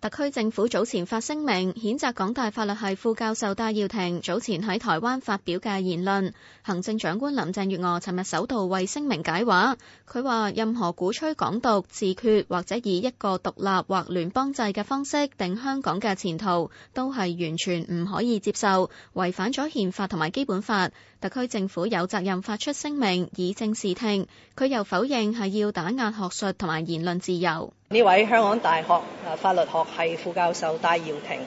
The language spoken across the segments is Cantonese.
特區政府早前發聲明譴責港大法律系副教授戴耀廷早前喺台灣發表嘅言論。行政長官林鄭月娥尋日首度為聲明解話，佢話任何鼓吹港獨、自決或者以一個獨立或聯邦制嘅方式定香港嘅前途，都係完全唔可以接受，違反咗憲法同埋基本法。特區政府有責任發出聲明以正視聽。佢又否認係要打壓學術同埋言論自由。呢位香港大學法律學系副教授戴耀廷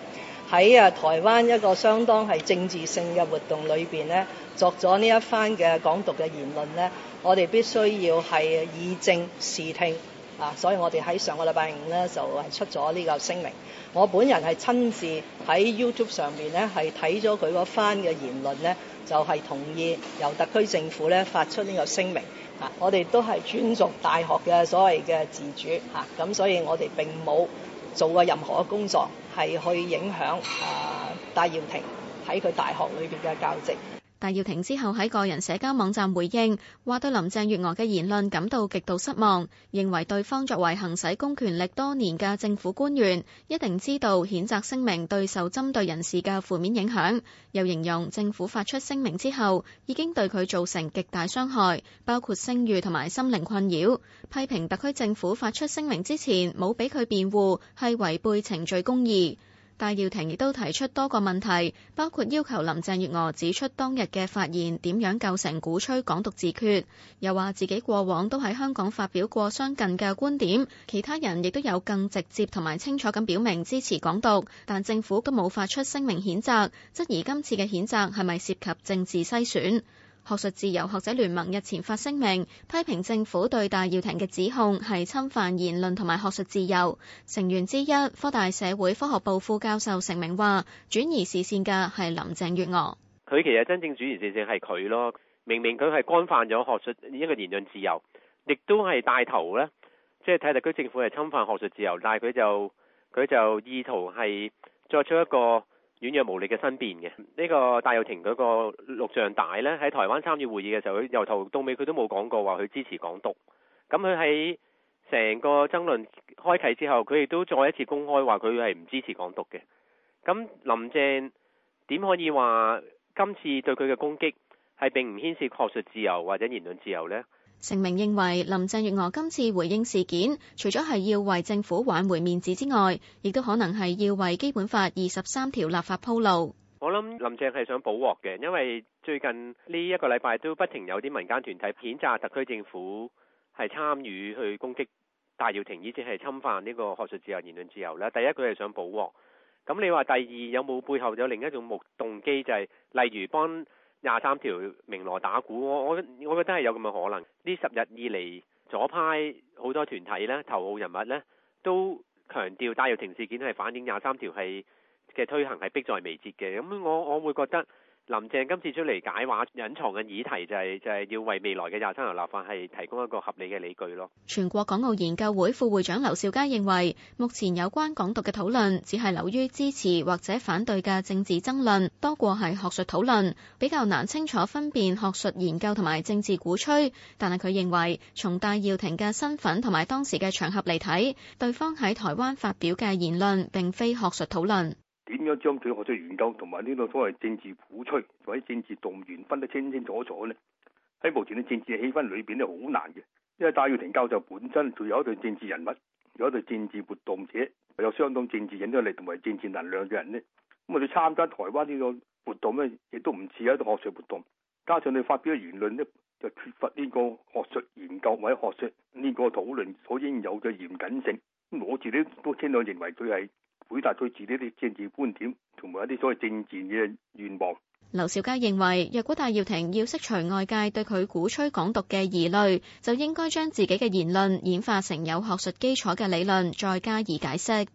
喺，啊台灣一個相當係政治性嘅活動裏邊咧，作咗呢一番嘅港獨嘅言論咧，我哋必須要係以正視聽。啊！所以我哋喺上個禮拜五咧就係出咗呢個聲明。我本人係親自喺 YouTube 上面咧係睇咗佢嗰番嘅言論咧，就係同意由特區政府咧發出呢個聲明。啊，我哋都係尊重大學嘅所謂嘅自主嚇，咁所以我哋並冇做過任何嘅工作係去影響啊戴耀廷喺佢大學裏邊嘅教職。戴耀廷之後喺個人社交網站回應，話對林鄭月娥嘅言論感到極度失望，認為對方作為行使公權力多年嘅政府官員，一定知道譴責聲明對受針對人士嘅負面影響。又形容政府發出聲明之後，已經對佢造成極大傷害，包括聲譽同埋心靈困擾。批評特區政府發出聲明之前冇俾佢辯護，係違背程序公義。戴耀廷亦都提出多個問題，包括要求林鄭月娥指出當日嘅發言點樣構成鼓吹港獨自決，又話自己過往都喺香港發表過相近嘅觀點，其他人亦都有更直接同埋清楚咁表明支持港獨，但政府都冇發出聲明譴責，質疑今次嘅譴責係咪涉及政治篩選。學術自由學者聯盟日前發聲明批評政府對戴耀廷嘅指控係侵犯言論同埋學術自由。成員之一科大社會科學部副教授成名話，轉移視線嘅係林鄭月娥，佢其實真正轉移視線係佢咯。明明佢係干犯咗學術一個言論自由，亦都係帶頭咧，即係睇特區政府係侵犯學術自由，但係佢就佢就意圖係作出一個。軟弱無力嘅身辯嘅，呢、這個戴耀廷嗰個錄像帶呢，喺台灣參與會議嘅時候，佢由頭到尾佢都冇講過話佢支持港獨，咁佢喺成個爭論開啟之後，佢亦都再一次公開話佢係唔支持港獨嘅，咁、嗯、林鄭點可以話今次對佢嘅攻擊係並唔牽涉學術自由或者言論自由呢？成名認為林鄭月娥今次回應事件，除咗係要為政府挽回面子之外，亦都可能係要為《基本法》二十三條立法鋪路。我諗林鄭係想補鑊嘅，因為最近呢一個禮拜都不停有啲民間團體譴責特區政府係參與去攻擊戴耀廷，以至係侵犯呢個學術自由、言論自由啦。第一，佢係想補鑊。咁你話第二有冇背後有另一種目動機，就係，就係例如幫？廿三條鳴鑼打鼓，我我我覺得係有咁嘅可能。呢十日以嚟，左派好多團體呢頭號人物呢都強調戴耀廷事件係反映廿三條係嘅推行係迫在眉睫嘅。咁我我會覺得。林鄭今次出嚟解話，隱藏嘅議題就係就係要為未來嘅廿三條立法係提供一個合理嘅理據咯。全國港澳研究會副會長劉兆佳認為，目前有關港獨嘅討論只係流於支持或者反對嘅政治爭論，多過係學術討論，比較難清楚分辨學術研究同埋政治鼓吹。但係佢認為，從戴耀廷嘅身份同埋當時嘅場合嚟睇，對方喺台灣發表嘅言論並非學術討論。點樣將佢學術研究同埋呢個所謂政治鼓吹或者政治動員分得清清楚楚呢？喺目前嘅政治氣氛裏邊咧，好難嘅。因為戴耀廷教授本身仲有一對政治人物，有一對政治活動者，有相當政治影響力同埋政治能量嘅人呢，咁佢參加台灣呢個活動呢，亦都唔似係一個學術活動。加上佢發表嘅言論呢，就缺乏呢個學術研究或者學術呢個討論所應有嘅嚴謹性。我自己都傾向認為佢係回答佢自己啲政治觀點，同埋一啲所謂政治嘅願望。劉兆佳認為，若果戴耀廷要釋除外界對佢鼓吹港獨嘅疑慮，就應該將自己嘅言論演化成有學術基礎嘅理論，再加以解釋。